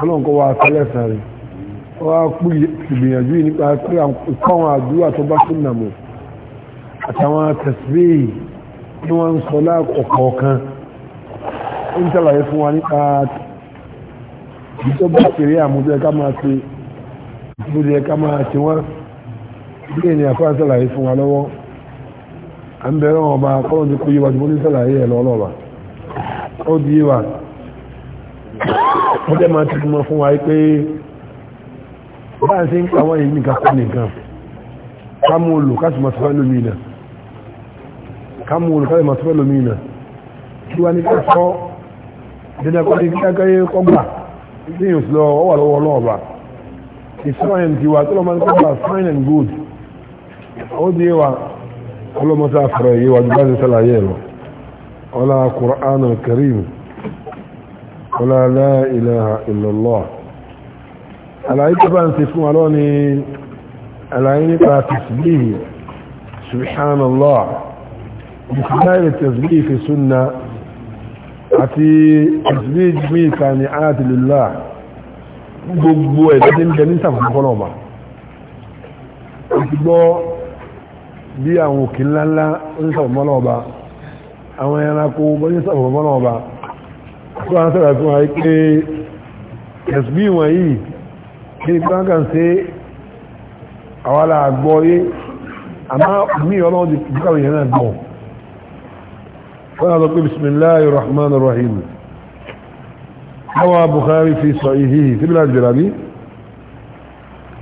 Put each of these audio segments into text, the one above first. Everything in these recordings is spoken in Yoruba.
ọlọ́nkọ́ wa sẹ́lẹ̀sà rẹ̀ wọ́n á pè ìgbìyànjú nípa pé ìkọ́wọn àdúrà tó bá súnà mọ̀ àtàwọn tẹ̀síbíì tí wọ́n ń sọ lákọ̀ọ̀kan ó ń tẹ̀lé fún wa nípa ìjọba ìṣeré àmójọ ẹ̀ká máa ṣe ìṣòro ẹ̀ká máa ṣe wọ́n bí ènìyàn fún àṣàlàyé fún wa lọ́wọ́ à ń bẹ̀rẹ̀ wọn ọba kọ́lọ́dún kó yé wa jùmọ́ ní sàlàyé ẹ̀ lọ́lọ́ba ó di yé wa wọ́n jẹ́ máa tuntun mọ́ fún wa pé bá ń ṣe ń pàwọ́ yìí nìkan kọ́ nìkan kámú olù káàtì máa tọ́fẹ́ lómi náà kámú olù káàtì máa tọ́fẹ́ lómi náà kí wá ní ká sọ dídá kọ́ ní kíkẹ́ kọ́gbà tí yóò lọ ọwà lọ́wọ́ lọ́ọ̀bà ìsọ́yìn ti wà tó lọ́ máa ń kọ́gbà fine and good ó di wa ọlọ́mọta àfẹ́rẹ́ yìí wà ju bá sálàyé lọ ọlá Qur'an al ولا لا إله إلا الله على إتبان تسمعوني على إنك تسبيه سبحان الله بسمائل التسبيه في السنة àti ìsìlẹ̀ ìka ni a ti lè láà gbogbo ẹ̀dẹ́ ní ẹni sàfihàn fọ́nà ọba ti gbọ́ bí àwọn òkè ńláńlá ní sàfihàn fọ́nà ọba àwọn ẹranko ní sàfihàn fọ́nà ọba tó wọ́n sára fún wa pé ẹ̀sùn ìwọ̀n yìí kí ní pàǹkà ṣe àwọn aláàgbọ́ yé àmá mi ọlọ́run ti búkàwé yẹn náà gbọ́ wọ́n náà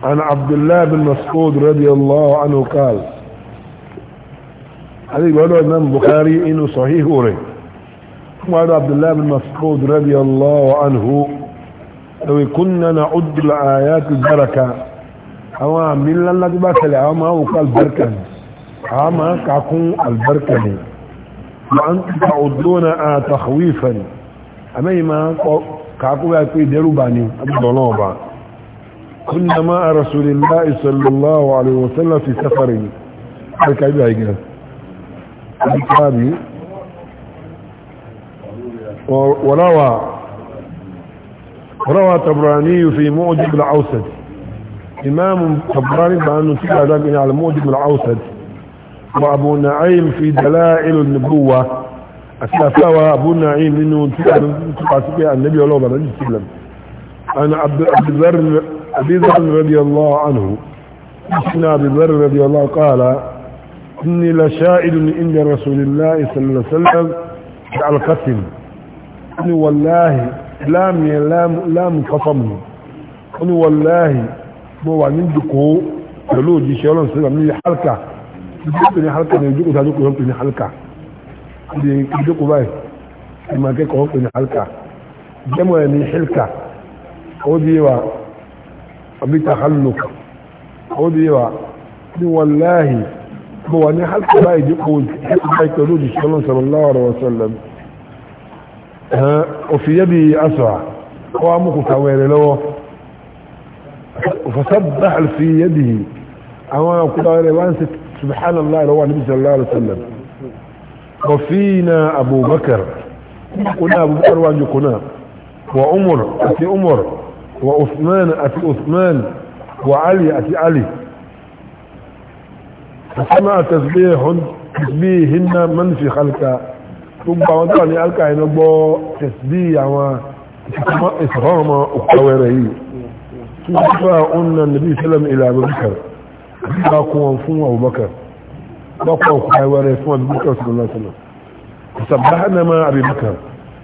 عن عبد الله بن مسعود رضي الله عنه قال هذه قالوا امام بخاري انه صحيح وري وعن عبد الله بن مسعود رضي الله عنه لو كنا نعد الآيات البركة أو من لن بس لأما وقال بركة أما كاكون البركة وأنت تعدون آه تخويفا أما ما كاكو يكوي آه ديروباني أبدا كنا مع رسول الله صلى الله عليه وسلم في سفر الكعبة يقول الكعبة وروى روى تبراني في موجب العوسد إمام تبراني بأنه سيئة لكن على موجب العوسد وأبو نعيم في دلائل النبوة أسافة أبو نعيم إنه تقاسي النبي الله بن سلم أنا عبد الذر أبي ذر رضي الله عنه إحنا أبي ذر رضي الله قال إني لشائد عند رسول الله صلى الله عليه وسلم على القتل ni wàláhì láàmì ẹ̀ láàmì kọ́sọ̀mù ó ní wàláhì mo wà ní dùkó pẹ̀lú òjíṣẹ́ ọlọ́run sílẹ̀ ní halka ìjókòó ní halka ní ìjókòó sáájú kò ní halka ní ìjókòó báyìí ìmọ̀ akẹ́kọ̀ọ́ pè ní halka jẹ́mọ̀ ẹ̀ ní hilka ó di wa àbí tahalluk ó di wa ní wàláhì mo wà ní halka báyìí ìjókòó báyìí pẹ̀lú òjíṣẹ́ ọlọ́run sallallahu alaihi wasallam وفي يدي أسرع هو أمك كوير له فسبح في يده أنا كوير وانست سبحان الله لو النبي صلى الله عليه وسلم وفينا أبو بكر كنا أبو بكر وان قلنا وعمر أتي عمر وعثمان أتي عثمان وعلي أتي علي فسمع تسبيح تسبيهن من في خلقه gbogbo àwọn tó wà ní alka iná gbọ́ tẹ̀sí àwọn ìsọ̀rọ̀ ọmọ òkúwẹ́ rẹ̀ yìí tí wọ́n fẹ́ ọ̀nà nàbí ìsẹ́lẹ̀m ilẹ̀ abubakar bá kún wọn fún abubakar bá kún òkúwẹ́ rẹ̀ fún abubakar sallallahu alaihi wasallam ìsàbáhánà máa abubakar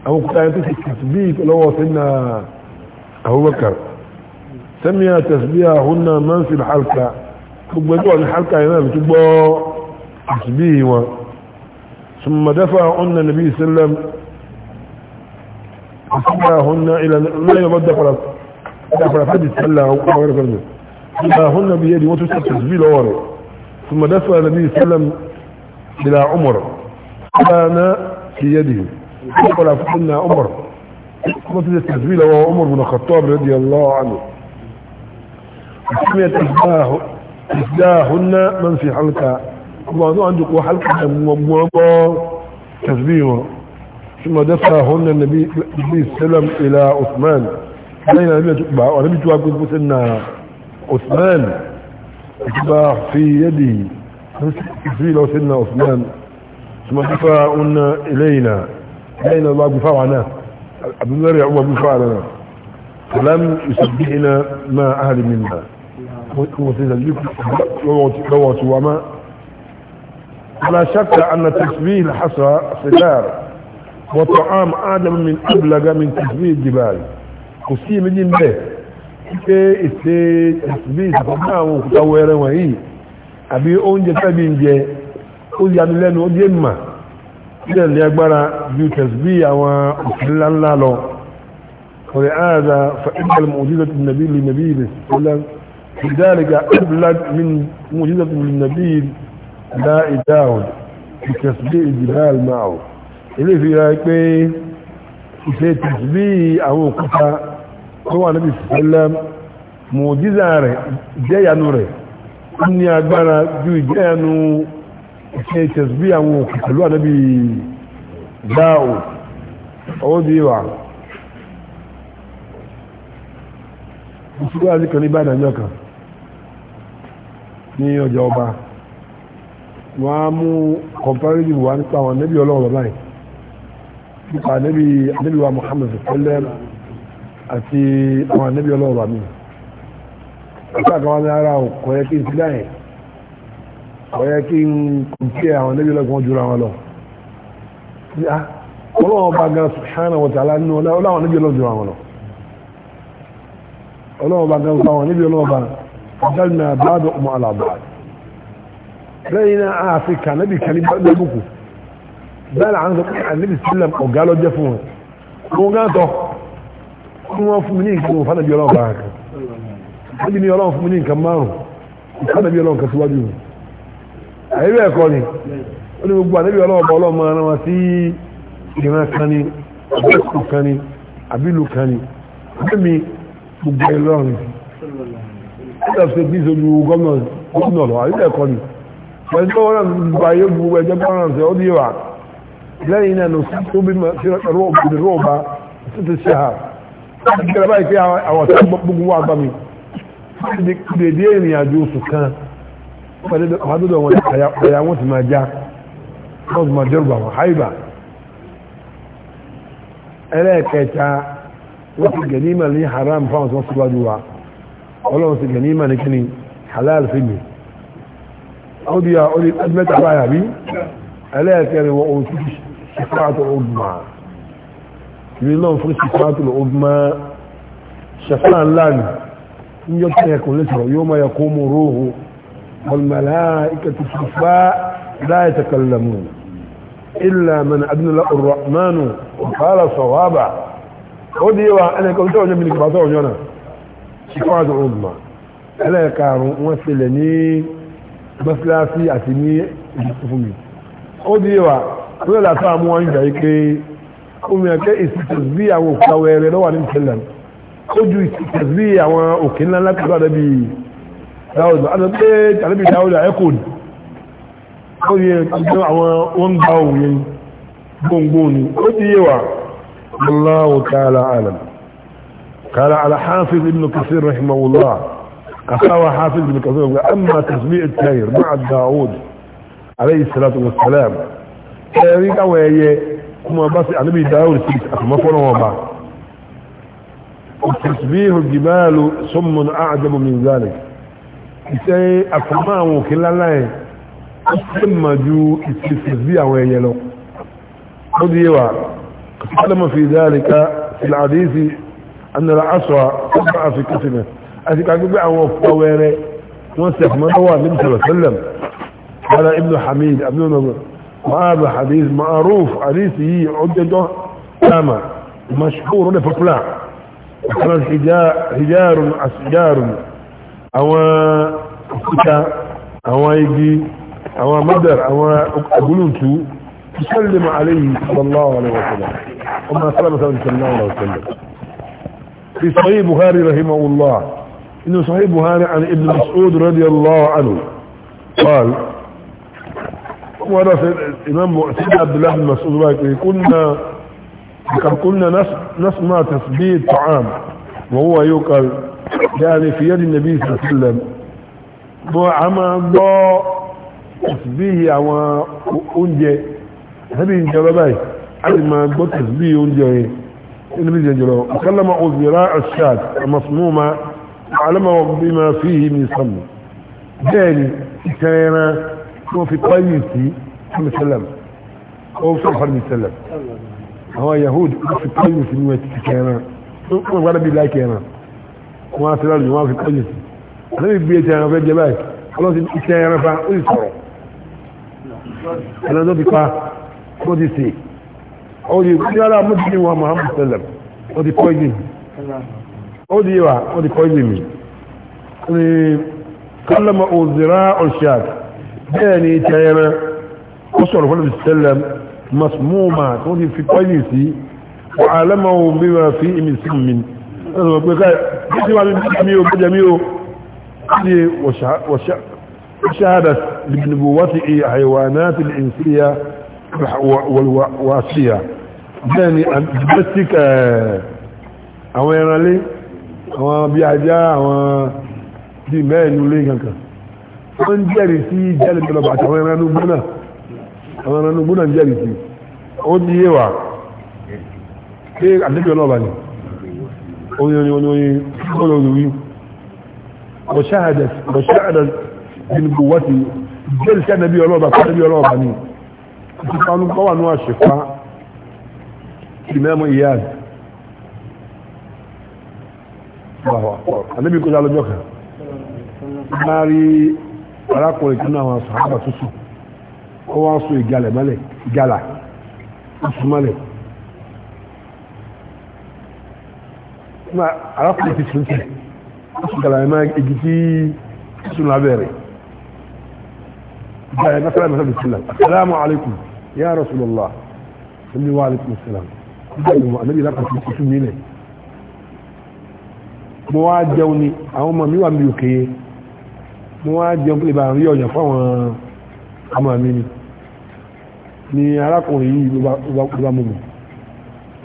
àwọn òkúwẹ́ tó ti tẹ̀sí lọ́wọ́ sínú abubakar sẹ́mi àtẹ̀sí àhúnà mọ́nsìn halka gbogbo ẹgbẹ́ wọn ní halka yìí náà ثم دفعهن النبي صلى الله عليه وسلم دفعهن الى لا يبدا فلا دفع صلى الله عليه ذلك دفعهن بيدي وتسبب في الاور ثم دفع النبي صلى الله عليه وسلم الى عمر كان في يده فقال فقلنا عمر قلت في وهو عمر بن الخطاب رضي الله عنه سميت إحداهن من في حلقه وما نعندك حلقة مبوغة تسبيحه ثم دفعهن النبي صلى الله عليه وسلم إلى عثمان علينا النبي تقبع ونبي تواقف بسنا عثمان تبع في يده تسبيل وسنا عثمان ثم دفعهن إلينا إلينا الله بفعنا عبد الله يعوى بفعلنا فلم يسبحنا ما أهل منا وتسبحنا لو وما ولا شك أن تشبيه الحصى صدار وطعام آدم من أبلغ من تشبيه الجبال قصي من جن به إيه تشبيه فقام وكتوير وهي أبي أونج تبين جي أولي يعني لأنه جمع إذا اللي أكبر جو تشبيه وإسلا الله له ولهذا فإن المعجزة النبي للنبي صلى الله عليه وسلم في أبلغ من معجزة للنبي láì dáhùn ìtẹ̀sílé ìdìbáàl máa ilé fi ra pé ìṣẹ́ tẹ̀sílé àwọn òkúta tó wà níbi ìsìnkẹ́lẹ́ mọ̀jíza rẹ̀ jẹ́yànú rẹ̀ ní agbára ju ìjẹ́yànú ìṣẹ́ tẹ̀sílé àwọn òkúta lọ́wà níbi dáhùn ọwọ́ bí wà ìṣúgbà ní kan ní bá ìdájọ́ kan ní ọjọ́ ọba wọ́n á mú comparative wá nípa àwọn nẹ́bí ọlọ́run bàbá yìí nípa nẹ́bí nẹ́bí wa Muhammad tẹ́lẹ̀ àti àwọn nẹ́bí ọlọ́run bàbá mi nípa kan wọn ara kò yẹ kí n sílẹ̀ yẹn kò yẹ kí n compare àwọn nẹ́bí ah, ọlọ́run jura wọn lọ ọlọ́run bá gan subhanahu wa ta'ala nínú ọlọ́run nẹ́bí ọlọ́run jura wọn lọ ọlọ́run bá gan sọ àwọn nẹ́bí ọlọ́run bá dáná bá dọ̀ ọmọ àlàbà lẹ́yìn náà àfikà níbi kàní lẹ́bùkù bẹ́ẹ̀ là ń sọ pé àníbi sílẹ̀ ọ̀gá lọ́jẹ́ fún wọn kò ń gántọ́ kí wọ́n fún mi ní nǹkan òfà nàbí ọlọ́run bára kan níbi ní ọlọ́run fún mi ní nǹkan márùn òfà nàbí ọlọ́run kan síwájú mi àyè bẹ́ẹ̀ kọ́ ni ó ní gbogbo àníbi ọlọ́run bá ọlọ́run máa rán wa sí ìran kan ni pẹ̀lú ọ̀rọ̀ gbáyé gbogbo ẹjọ́ pọ́nránṣẹ́ ó díwà lẹ́yìn náà lọ sí tó bí rọ́ọ̀bá sí ti ṣe ha gẹ́gẹ́ báyìí pé àwọn ọ̀tá gbogbo wà bá mi dèdè ìrìn àjò oṣù kan pàdédọ̀ wọn àyà wọn ti máa já wọn ti máa dẹ́rùbà wọn haibà ẹlẹ́ẹ̀kẹta wọ́n ti gẹ̀nímà ní haram fáwọn tó síwájú wa ọlọ́run ti gẹ̀nímà ní halal fi mi ó di ọdí mẹ́ta báyà bí ẹlẹ́ẹ̀kẹrin wọ òun títí ṣẹfàtò ọdúnmá ìrìn náà fún ṣẹfàtò ọdúnmá ṣẹfà ńlá ni ń yọ kí ẹkùn lẹ́sọ̀rọ̀ yóò máa yẹkó mú róhù ọlmọ̀lá ikẹtù ṣẹfà láì tẹkẹlẹmù ilà mẹ́ni adúnlá ọ̀rọ̀mánu ọ̀fàlà sọ̀wábà ó di wa ẹnìkan tó ọjọ́ bìnrin kìbàtọ̀ ọjọ́ náà ṣẹfàtò ọdúnmá ẹlẹ́ẹ̀karùn wọ́n ṣẹlẹ̀ ní mọ́síláṣí àti ní ìfún mi ó di wa tó lè látọ́ àmú wọn gbà yí pé ó mìíràn pé ìsìtẹ̀sì bí àwọn òkúta wẹ̀rẹ̀ lọ́wọ́ ní ìṣẹ̀lẹ̀ ó ju ìsìtẹ̀sì bí àwọn òkè ńlá ńlá pẹ̀lú àdẹ́bí dáwọ́dù àdẹ́bí àdẹ́bí dáwọ́dù ẹ̀kọ́ ni ó yẹ ọjọ́ àwọn wọn gba òun yẹn gbóngbó ni ó di wa Allahu ta'ala alam qala al-Hafiz ibn أخاها حافظ بن كثير أما تسميع التاير مع داود عليه الصلاة والسلام تاريك أوهي كما بس نبي داود سيكس أخما فنوما وتسبيح الجبال سم أعجب من ذلك إسي أخما وكلا لاي أسمى جو إسي أوهي له خذيوا قد في ذلك في الحديث أن العصا تبع في كفنه àti kàgbégbé àwọn ọ̀pọ̀ wẹ́rẹ́ wọ́n sì àfihàn wà níbi sọ̀rọ̀ sọ́lẹ̀m ara ibn hamid abdulmọ̀ ma'aba hadith ma'aruf hadisi yìí ọjọ́jọ́ sáàmà mashhur rọ́dẹ̀ fọ́pùlà àkàrà hijarun asijarun àwọn òkúta àwọn igi àwọn madar àwọn aguluntu تسلم عليه صلى الله عليه وسلم وما سلم صلى الله عليه وسلم في صحيح بخاري رحمه الله إنه صحيح بهاري عن ابن مسعود رضي الله عنه قال ورث الإمام مؤتد عبد الله بن مسعود إيه؟ كنا كان كنا نسمع تثبيت طعام وهو يقال يعني في يد النبي صلى الله عليه وسلم وعما الله تسبيه عما أنجي هذه الجلبات هذه ما قلت أنجي النبي صلى الله عليه وسلم وكلم عذراء الشاة المصمومة àlọ́mọ̀ bímọ fi yìí mi sọ̀mù bẹ́ẹ̀ ni ìtẹ̀rẹ̀rẹ̀ tí wọ́n fi pọ́ìlì sí sọ́mùsẹ́lẹ̀m ó fẹ́ sọ́mùsẹ́lẹ̀m àwọn yahood wọ́n fi pọ́ìlì sí níwẹ̀ ti kẹrẹ̀ wọ́n gbọ́dọ̀ bí láìkẹ́ ẹ̀rẹ̀ wọ́n á sẹ́lẹ̀ lù wọ́n fi pọ́ìlì sí àlọ́mọ̀ bí ẹ̀tẹ̀ ẹ̀rẹ̀ fẹ́ jẹ báyìí ọlọ́sìn ìtẹ̀rẹ̀ fa ó sì sọ̀rọ̀ ẹ̀rẹ̀ tó أودي وا أودي كويزمي كلمة أزراء الشات يعني تيما أصول فلد السلم مسمومة أودي في كويزي وعلمه بما فيه من سلم أنا أقول لك بسي وعلم بجميو بجميو أدي وشهادة لبنبوة حيوانات الإنسية والواسية يعني بسك أولا عليه àwọn bí ajá àwọn bí mẹ́ẹ̀nú lé kankan wọ́n ń jẹ́rì sí jẹ́rì tó lọ́bàtà onye ẹranú gbóná àwọn ẹranú gbóná ń jẹ́rì sí ó onye yé onye pé onye náà onye onye oyin oyin oyin onye ọ̀ṣáàdà onye wọ́tí jẹ́rì sí onye onye onye onye onye onye onye onye ìfipá onye wà onye onye onye ìyá rẹ̀ àlébi kó yá lọ́jọ́ kan máa rí arákùnrin kan náà wọn sàábà tó sùn ó wá sún ìgalẹ̀ mọ́lẹ̀ ìgalà ó sùn mọ́lẹ̀ arákùnrin ti sùn tẹ̀ ó sùn gàlà ẹ̀mọ́ igi tí sùn lábẹ́ rẹ̀ ìgalà ẹ̀mọ́ sálámù sálámù sílẹ̀ asalaamu alaykum ya rasulallah sani wa alaykum salaam ìgbà ìwọ̀n àlébi ti sùn mí lẹ̀ mo wá jẹun ni àwọn ọmọ mi wà mí òkè mo wá jẹun pé ìbára rí ọ̀yàn fáwọn ọmọ mi ni ni arákùnrin yìí ló bá mú mi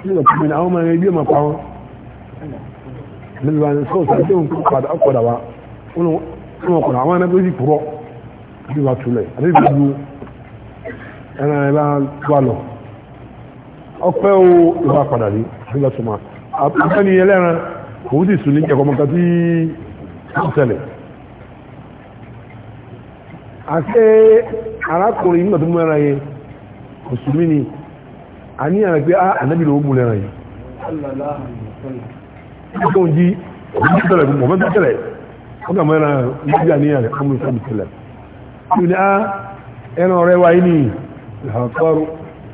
nígbà tí ni àwọn ọmọ mi bí ọmọ pa wọn nígbà tí sọ́ọ̀sì àti òun padà ọ̀pọ̀dà wa wọn kọ̀dà àwọn ẹni tó sì kúrọ̀ bí wàá tulẹ̀ àti ìbí ẹran ẹ bá lọ ọpẹ́ o ìwà padà rí nígbà tó máa àbúkẹ́ ni ẹlẹ́ran kò sì sùn ní ẹ̀kọ́ mọ́ta tí ó tẹ̀lẹ̀ àti arákùnrin nígbà tó mú ẹran yẹn kò sùn mí ni a ní ẹran pé á ah, ànábì ló mú ẹran yẹn ó jí òun tẹ̀lẹ̀ mọ̀ mẹ́ta tẹ̀lẹ̀ ó kà mọ́ ẹran níbi àníyàn rẹ̀ ọmọ ìfẹ́ mi tẹ̀lẹ̀ ó ní a, ah, ẹran ọ̀rẹ́ wa yìí ni ìhàkọ́rù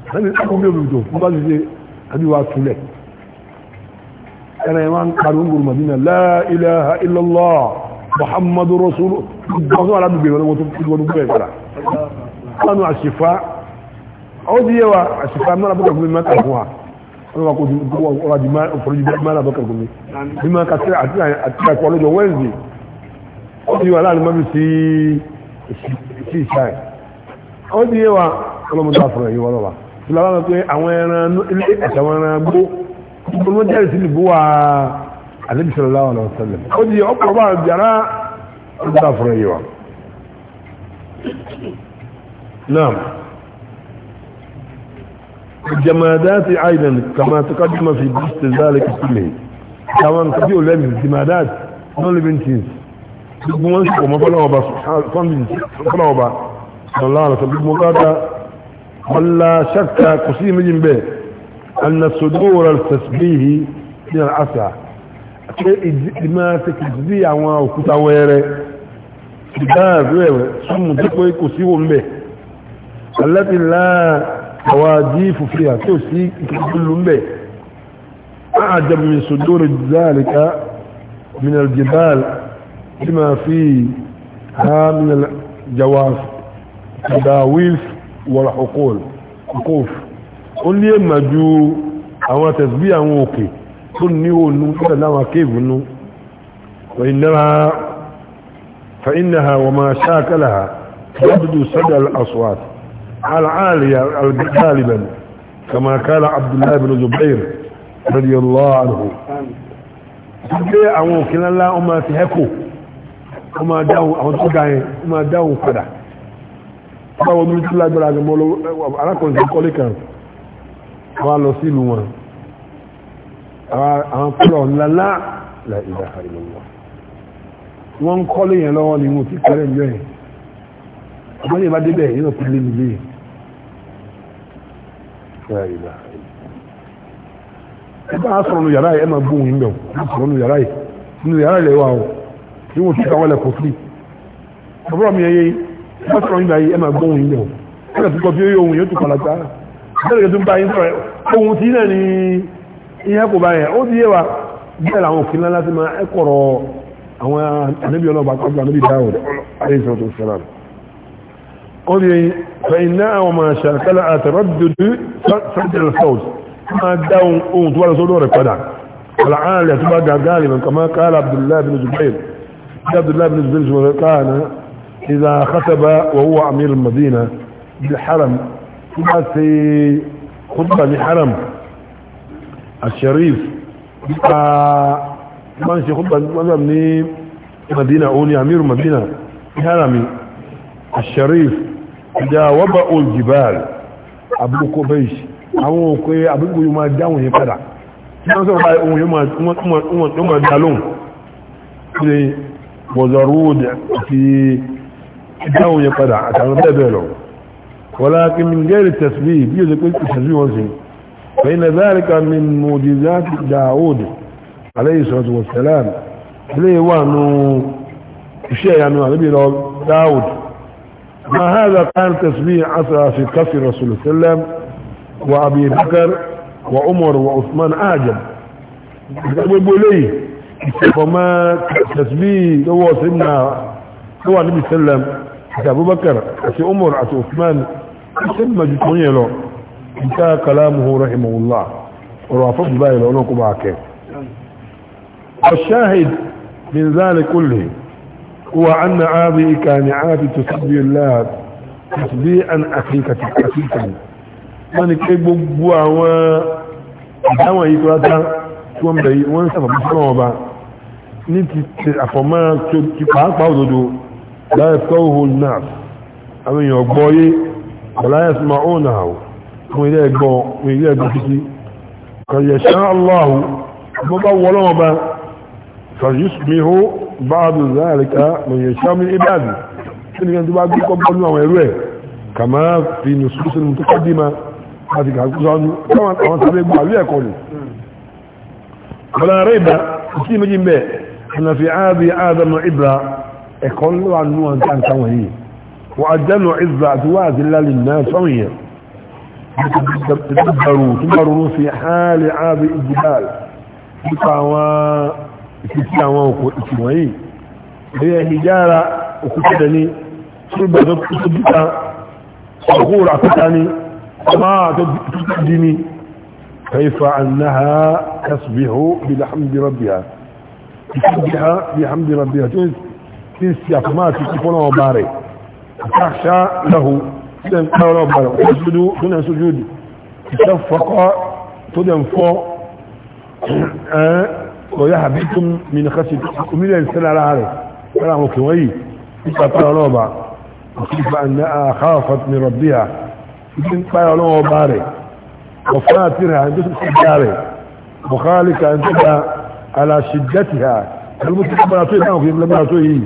ànábì ah, ó kọ́ bí òbí tó ń bá ti ṣe àbí wa ẹ̀rẹ̀ wọn kàrún gbùrù màdínà la ilaha illallah muhammadu rasulu ọdún alábìgbè wọn tó fi wọn gbé ẹ̀kọ́ra lánàá àṣìfá ó ti yẹ wa àṣìfá mọ́ra bọ́kà fún mi mẹ́ta fún wa wọ́n wá kó ọ̀rọ̀ ìfọ̀rọ̀jì mọ́ra bọ́kà fún mi bí máa wa gbogbo wọn jẹ́rìí sí nìbú wa Ànábì sallallahu alaihi wasallam ó di ọkọ̀ bá jàrá ọdún àfọ̀rọ̀ yìí wa naam الجمادات ايضا كما تقدم في بسط ذلك كله كما نقضي لهم الجمادات نول بنتين gbogbo wọn sì kò mọ́ fọ́lọ́wọ́ bá fọ́lọ́wọ́ bá sọ̀rọ̀ láàrín sọ gbogbo wọn bá dá ọlá ṣàkà kò sí méjì bẹ́ẹ̀ أن صدور التسبيه من العصا ما تكذبيع وكتاويري ثم تقوي كسيو به التي لا تواجيف فيها كسي كل به أعجب من صدور ذلك من الجبال لما فيها من الجواف تداويف والحقول حقوف ó ní èmà ju àwọn àtẹ̀sí àwọn òkè tó ní òun nígbà láwọn akéèbù nú فإنها وما شاكلها يبدو سدى الأصوات العالية غالبا كما قال عبد الله بن زبير رضي الله عنه gbé àwọn òkèlá ńlá ọmọ ti hẹ́kù ọmọ dáhùn àwọn tó dáhùn ọmọ dáhùn padà báwọn omi tí lágbára agbẹ̀mọ́ wá lọ sílùú wọn àwọn púlọ̀ ńláńlá la ilaha illallah wọ́n ń kọ́lé yẹn lọ́wọ́ ni mo ti kẹ́rẹ́ ìjọ yẹn ọgbọ́n yẹn bá débẹ̀ yẹn lọ sílé nílé yẹn la ilaha illallah ẹ bá sọ̀rọ̀ nu yàrá yẹn ẹ máa gbóhùn yín bẹ̀ wọ́n sọ̀rọ̀ nu yàrá yẹn nu yàrá yẹn wà o tí wọ́n ti kàwé lẹ̀ kò sí ọ̀bọ̀rọ̀ mi yẹn yẹn ẹ bá sọ̀rọ̀ yín bẹ̀ yẹn bẹ́ẹ̀ tó ń bá yín sọ̀rọ̀ ohun tí náà ni ihe kò bá yẹn ó ti yé wa bẹ́ẹ̀ làwọn òkè ńlá ti máa ẹ kọ̀rọ̀ àwọn ànábì ọlọ́ba kọjú ànábì dáwọ̀ àyíṣẹ́ tó sẹ́ra ó di fẹ̀yìn náà àwọn máa ṣàkálà àtẹ̀rọ̀ dúdú sọ́jẹ̀lẹ̀ sọ́ọ̀tì máa dá ohun tó wà lọ́sọ́dọ̀ rẹ̀ إذا خطب وهو أمير المدينة بالحرم tí bá ṣe kúrúbà ní haram al-sharif nípa tí bá ń ṣe kúrúbà ní madina ó ní amiru madina ní harami al-sharif ìjà wọ́bà oljibal abúkọ bẹ́ẹ̀ṣ àwọn òkú abúkọ yóò máa dáhùn yẹn padà tí wọ́n sọ̀rọ̀ báyìí ohun yóò máa dá lóhùn ṣe bọ̀zọ̀rúwò àti dáhùn yẹn padà àtàwọn bẹ́ẹ̀ bẹ́ẹ̀ lọ́wọ́ ولكن من غير التسبيح بيوزي كل التسبيح وزي فإن ذلك من معجزات داود عليه الصلاة والسلام ليه وانو الشيء يعني نبي داود ما هذا كان تسبيح عصى في رسول الرسول صلى الله عليه وسلم وأبي بكر وعمر وعثمان أعجب يقول لي فما تسبيح هو سيدنا هو النبي صلى الله عليه وسلم أبو بكر أتي عمر أتي عثمان sẹ́ni màjú tó yẹ lọ nta kalamuhu rahimahullah ọ̀rọ̀ àfọ́bù báyìí lọ ọ̀nà kó bá kẹ́ الشاهد من ذلك كله هو أن هذه كانعات تسبي الله تسبيعا حقيقة حقيقة wọ́n ni pé gbogbo àwọn ìdáwọn yìí tó dá tí wọ́n bẹ̀rẹ̀ wọ́n ń sàbàbí fún ọba ní ti ṣe àfọ̀mọ́ ti pàápàá òdodo láì fọ́ òhun náà àwọn èèyàn gbọ́ yé ولا يسمعونه وإذا يقبوا وإذا يقبوا قد يشاء الله مضولوا به فيسمه بعض ذلك من يشاء من عباده إن كانت بعض يقبلنا ويروه كما في نصوص المتقدمة هذه كما كما سبق بعض ولا ريب كما جنبه أن في عادي آدم عبرة يقول عنه أن كان كما هي وعجلوا عزة أدواز الله للناس سوية تدبروا تدبروا في حال عاب الجبال يقعوا يتسعوا وكوئي هي هجارة وكتدني صلبة تدبتا صغور عكتاني ما تدبني كيف أنها تصبح بحمد ربها تصبح بحمد ربها تنسي أقمات تكون وبارك فاحشى له إذن قال ربنا اسجدوا دون سجود تشفق تدنفو ويحبكم من خشيتكم من الانسان على عارف كلامه كوي قال ربنا وكيف أنها خافت من ربها إذن قال له باري وفاترها أن تسمع باري وخالك أن تبقى على شدتها المسلم لما لما تقول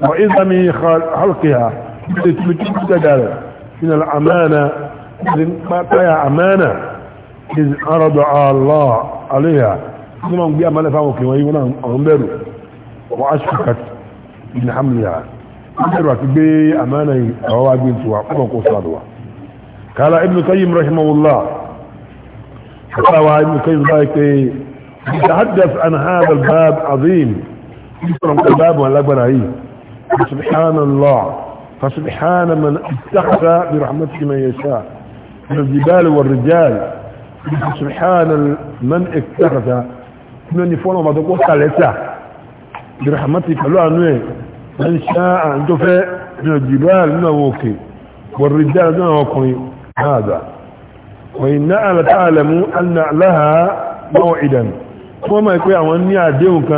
وإذا من خلقها من الأمانة ما أمانة إذ أرد الله عليها ثم أمجي أمانة فهمك ويقول أمبرو وأشفكت من حملها أمبرو أتبي أمانة هو أجين سوا قبل قال ابن قيم رحمه الله قال ابن قيم ذلك يتحدث عن هذا الباب عظيم يقرأ الباب ولا سبحان الله فسبحان من اتخذ برحمته من يشاء من الجبال والرجال سبحان من اتخذ من يفون ما تقول ثلاثة برحمته فلو عنوه من شاء أن تفع من الجبال من وكي والرجال من وكي هذا وإن ألا تعلم أن لها موعدا وما يكون عواني عديوك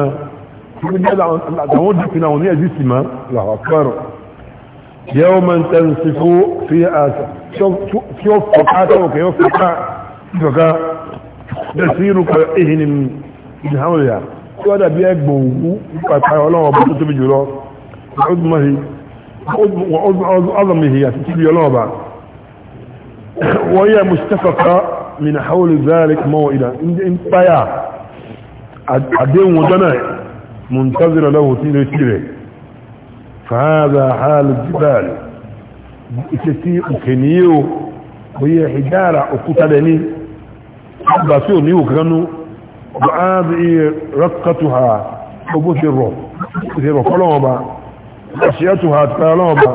يقول لها تعود فينا عواني عزيزي ما أن يعديوك yawman tansifu fi asa tí ó fọ̀ká tó kẹ́ yóò fọ̀ká fọ̀ká da síru ka ihinin ìhàmìyà tí ó dàbí ẹgbọ̀n òwú pàtàkì ọlọ́wọ́ bá tó tóbi jùlọ ọdúnmọ̀hì àti tíbi ọlọ́wọ́ bá wọ́n yẹ mustafaka min haúlù zalik mọ́ ìdá ń páyà àdéhùn dánà mùntazira lọ́wọ́ tí ó ti فهذا حال الجبال ìtẹ́tí òkèníyò oyè ìjára òkúta dẹni ọgbà tí ò ní òkánú báàbí rọ́kàtùhà ọgbó ti rọ̀ ti rọ̀ kọ́lọ́wọ́ba ṣíyàtùhà tààlọ́wọ́ba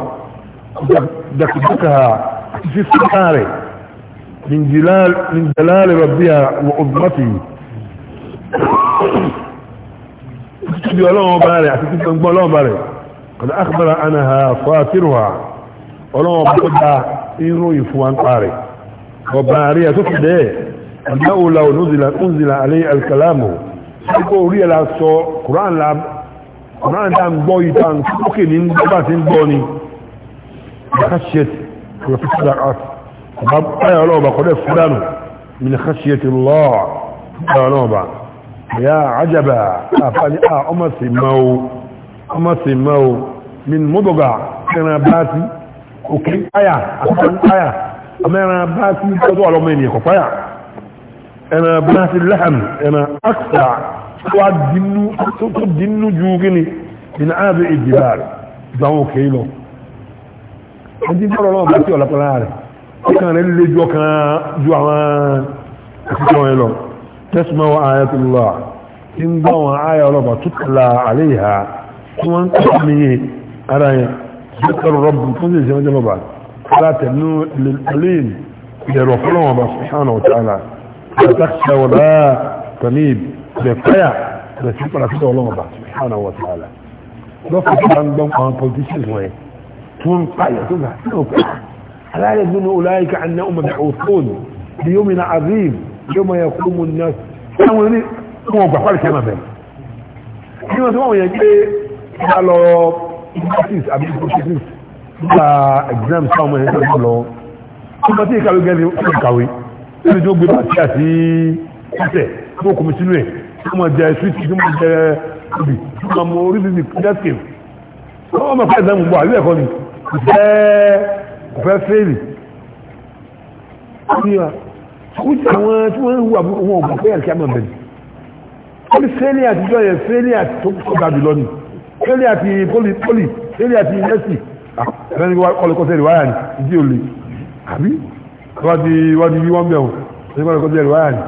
dàkùdàkàhà àti fífíkà rẹ̀ nìjìláàlẹ̀ rọ̀bíà ọgbọ́tì ìtìbí ọlọ́wọ́ba rẹ̀ àti fífẹ́ قد أخبر أنها فاترها ولو بقدا إنه يفوان قاري وباري تفدي أنه لو نزل أنزل عليه الكلام سيقول لي لا سو قرآن لا قرآن دان بوي دان سوكين بات بوني خشيت وفتر أرض بابا يا لوبا قد فلان من خشية الله يا لوبا يا عجبا أفعل أمس موت ọmọ sì mọ́ o min mọ́bọ̀gà ẹran bá sí òkè páyà àtàkùn páyà ọmọ ẹran bá sí tọ́tọ́ ọlọ́mọ ènìyàn kọ̀ páyà ẹran bá sí lẹ́hàn ẹran àkùsà tó dínú ju gíní ìnà ààbẹ̀ ìdìbà rẹ̀ ìgbàwọn òkè lọ ẹjí bọ́rọ̀ náà bá sí ọ̀lápàá rẹ̀ ọkàn rẹ̀ ń gbọ́ àwọn àyà ọlọ́pàá tútàlá tí wọ́n ń kọ́ ní ara yẹn ذكر رب فضل زي ما جمع بعد فلا تبنوا للقليل يروح لهم الله سبحانه وتعالى لا تخشى ولا تنيب بقيع بس يبقى كده الله بعد سبحانه وتعالى لفت عن دم عن بوليتيشن وين تون قاية تون لا يظن أولئك أنهم مبعوثون ليوم عظيم يوم يقوم الناس كانوا هو بحال كما بين كما سمعوا يجي bá lọ ìgbésìs àbí ìgbésìs nípa exam sáwọn ẹni tó lọ tó bá tí ìkàwé gẹ́gẹ́ ní ìkàwé níbi tó gbé bá tí àti ìtẹ̀ tó kùmí sínú ẹ̀ tó mọ̀ jẹ́ swíìtì tó mọ̀ jẹ́ obì tó mọ̀ mọ̀ orí bíbí pẹ́ẹ́sìkìm tó mọ̀ fẹ́ ìdáhùn gbọ́ àbí ẹ̀kọ́ ni kò fẹ́ fẹ́ẹ̀lì kúti àwọn tí wọ́n ń hu àwọn ọ̀gbọ̀n fẹ́ẹ̀lì kí a máa bẹ̀rẹ̀ fẹ́ẹ̀lì àtijọ́ yẹn fẹ́ẹ̀lì àti tó gbàdúrà lónìí eré àti poli poli eré àti yẹsì ah, ẹni kọlẹkọsẹ ìwáyà ni ìdí òlì àbí wádi wádi yí wọn bẹ o ẹni kọlẹkọsẹ ìwáyà ni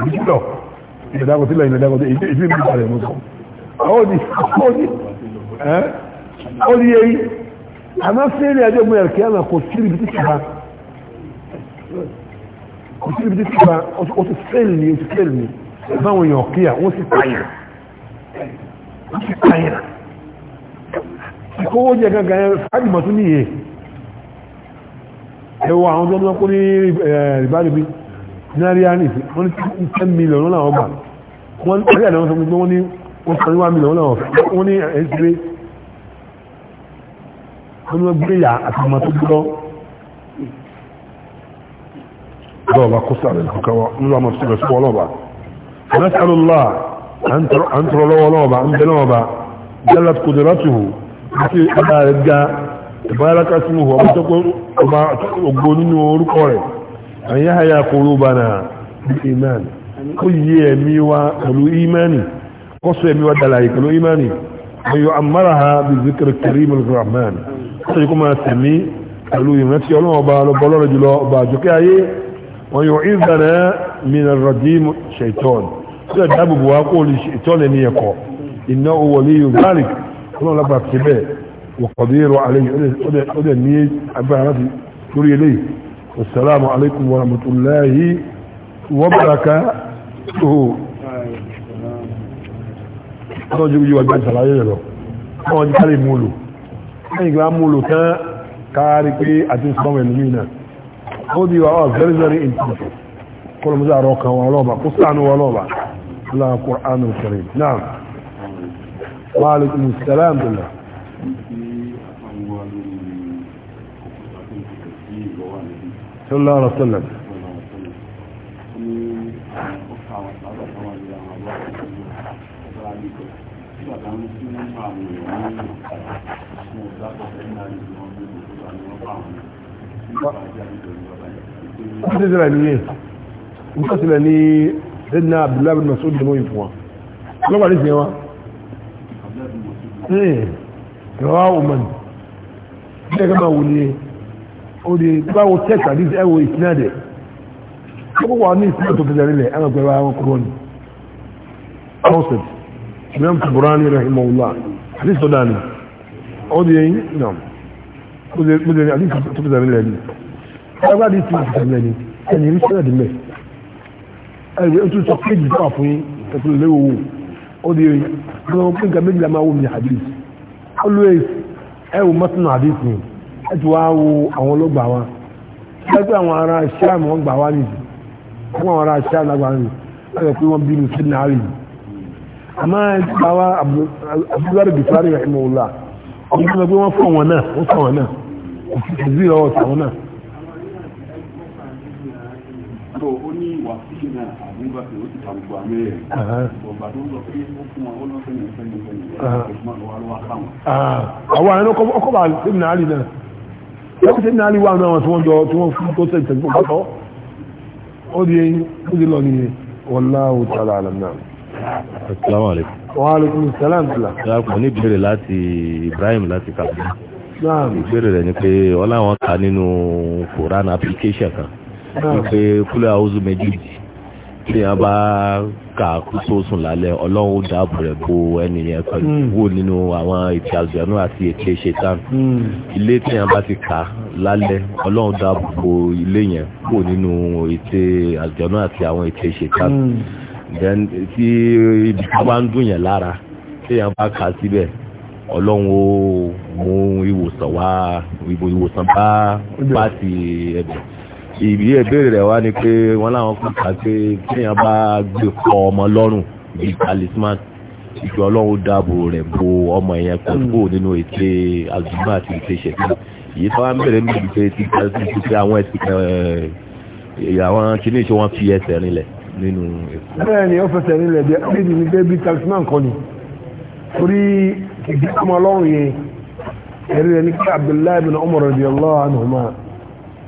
àbí kílọ ìdàgbọ sílẹ̀ ìlẹ dàgbọ sílẹ̀ ìdí mi balẹ̀ mọ sọ àwọn òdi àwọn òdi ẹ òdi yẹ yí àmọ́ fẹẹrẹ àjọ mọ ẹrẹkẹ àmà kò sí ibi títí ba kò sí ibi títí ba o ti fẹẹrẹ ni o ti fẹẹrẹ ni báwọn èèyàn kíyà wọn sì tààyè kàyẹ̀nà ìkówó jẹ gangan yẹn fàájìmọ̀ tún níye ẹwọ àwọn tó mọ́ kó ní rìbárìbí náírà ní wọ́n ní ten million lọ́nà ọgbà wọ́n ní ẹ̀rẹ́ àwọn sọmọ́ wọ́n ní wọ́n sọ ní one million lọ́nà ọ̀fẹ́ wọ́n ní ẹ̀ẹ́sìrẹ́ wọ́n ní wọ́n gbé yà àtàmà tó gbọ́ lọ́ọ̀bà kó sàrẹ̀ lọ́kọ̀ọ́ an tọrọ lọ́wọ́ lọ́wọ́ bá ń bẹ lọ́wọ́ bá jẹ́lá kòdìrátùhù àti ọba rẹ̀ ga ìbáraká sínú ọba tó kó ọba ògbó nínú orúkọ rẹ̀ àyà àyà kòrò bá na imani kó yí ẹ̀mí wa pẹ̀lú imani kó sọ ẹ̀mí wa dàlàyé pẹ̀lú imani ayọ̀ amára ha bí zikir karim al-rahman kó sọ kó máa tẹ̀mí pẹ̀lú ìrántí ọlọ́wọ́ ọba lọ́bọ̀lọ́rọ̀ kúrò dáàbò bò wá kó o lè ṣe ìtọ́lẹ̀ ní ẹ̀kọ́ iná owó ní yorùbáàlì ọlọ́run lábàá ti bẹ́ẹ̀ wọ̀kọ̀dé rọ àlẹ́ ó dẹ̀ ní agbára láti lórí eléyìí wasalaamu alaykum wa rahmatulahi wa barakatuhu ọjọ́ jíjí wa gbé ìsàlàyé rẹ̀ lọ wọ́n ti kárì múlò lẹ́yìn ìgbà múlò tán kárí pé àti ìsọ́mọ̀ ẹ̀lú ó di wa very very important kọlọmọdé àrọ kan wọn lọ́ọ̀bà kó sànú wọn lọ́ọ̀bà الله القرآن الكريم نعم وعليكم السلام بالله صلى الله عليه وسلم Ìjọba ìjọba ìjọba ìjọba ìjọba ìjọba ìjọba sẹ́dínà abdullahi bin masoud lè mọ́ ìfún wa lọ́pàá ní tiẹ̀ wa ìrọ̀wá oman bí ẹ̀ka máa wù ní ẹ̀ ó di bá wo tẹ́ẹ̀kì àdìsí ẹ̀wọ̀ ìsinà dẹ̀ ó wà ní ìsinà tó fẹsẹ̀ nílẹ̀ ẹ̀rọ pẹ̀lú àwọn kúrò ní concept imam taburani rahimahullah àdìsí tó dáa ni ó di ẹ̀yìn náà ó di ẹ̀yìn àdìsí tó fẹsẹ̀ nílẹ̀ ni ẹ̀rọ àdìsí tó fẹsẹ̀ nílẹ̀ ni ẹ̀yìn rí sẹ́yà dì mẹ́ẹ̀ ẹ̀rẹ́ ó tún sọ kéjì tó wà fún yín ẹ̀kùn lè wò ó di rí ọmọ pé nǹkan méjìlá máa wò mí hadith always ẹ wò mọ́tún hadith ni ẹ ti wá wo àwọn ọlọ́gbà wa ṣẹ́gbẹ́ àwọn ará Sham wọn gbà wá nìyí fún àwọn ará Sham lágbà nìyí lágbà pé wọ́n bí mi sí náà rí àmọ́ ẹgbà wa abúlé bìfárì rahimahullah ọmọ pé wọ́n fọ̀ wọn náà wọ́n fọ̀ wọn náà òfin ìdí wọn náà wà sí náà àbúgbàtí ó ti ta gbogbo amẹ́rẹ̀ ọ̀gbà tó ń lọ pé ó fún wọn ó lọ fẹ́yìn fẹ́yìn fẹ́yìn ọ̀gbà tó wà lọ́wọ́ káwọn. àwọn àyẹ̀nà ọkọ̀ bá sẹ́mìnà àlì náà lọ́kọ̀ sẹ́mìnà àlì wà náà wọn tí wọ́n jọ tí wọ́n fún tó sẹ́yìn tẹ̀sí fún bàtọ́ ó di eyín ó di lọ nìyẹn wallahu ta'ala alam náà. asalaamu alaykum. wa alaykum salaam tila. dáàkùn ní ìbéèrè láti Ibrahim láti kàbí. ìbéèrè rẹ̀ ni pé ọlá wọn kà nínú Quran application kan ìpè kúlẹ̀ àwùjọ méjèèjì tí a bá kà kú tó sùn lálẹ́ ọlọ́run dáàbò rẹ̀ bo ẹni yẹn pẹ̀lú wò hmm. nínú àwọn ètò àzùyànú àti ètò ìṣetán hmm. ilé tí a bá ti kà lálẹ́ ọlọ́run dáàbò bo ilé yẹn wò nínú ètò àzùyànú àti àwọn ètò ìṣetán hmm. then tí ibi tó bá ń dùn yẹn lára tí a bá kà síbẹ̀ ọlọ́run ó mú ìwòsàn wá ìwòsàn bá bá ti ẹ̀bẹ̀ ìbí ẹ̀bẹ̀rẹ̀ rẹ̀ wá ni pé wọ́n láwọn kò kà pé kéèyàn bá gbé kọ ọmọ lọ́rùn bíi talisman ìjọ ọlọ́run dáàbò rẹ̀ bo ọmọ yẹn kò kó nínú ète àdúgbò àti ète ìṣẹ̀dá èyí tó wá ń bẹ̀rẹ̀ níbi pé ti ti pé àwọn ẹ̀sìn àwọn kìíní ìṣó wọn fi ẹsẹ̀ rinlẹ̀ nínú èkó. bẹ́ẹ̀ ni ó fẹsẹ̀ rinlẹ̀ bí ẹbí ni pé bíi talisman kọ́ ni torí ìdí ọmọ ọlọ́run yẹn ẹ̀rí rẹ̀ ní kí Abdullahi bin Umar radiyallahu anhuma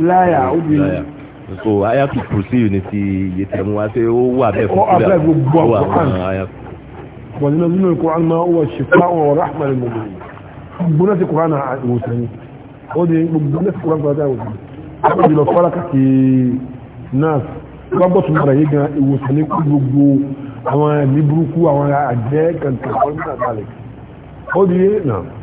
láyà obìnrin. so I have to proceed ní ti iye tẹ mu wá pé ó wà bẹ́ẹ̀ fún sílẹ̀ ó abẹ́ gbogbo àkókò wọ́n nínú nínú ìkọ́ àmà wọ́n ṣèpá wọn ọ̀rọ̀ àmàlẹ̀ mọ̀mọ́ gbogbo náà ti kọ́ àná ìwòsàn ni ó di gbogbo náà ti kọ́ àná ìwòsàn ni ó di lọ fọ́lá kàkì náà wọ́n bọ̀ tún mara yìí gan ìwòsàn ní kú gbogbo àwọn ẹ̀mí burúkú àwọn àjẹ́ kankan ọ̀rọ̀ nígbà balẹ̀ ó di náà.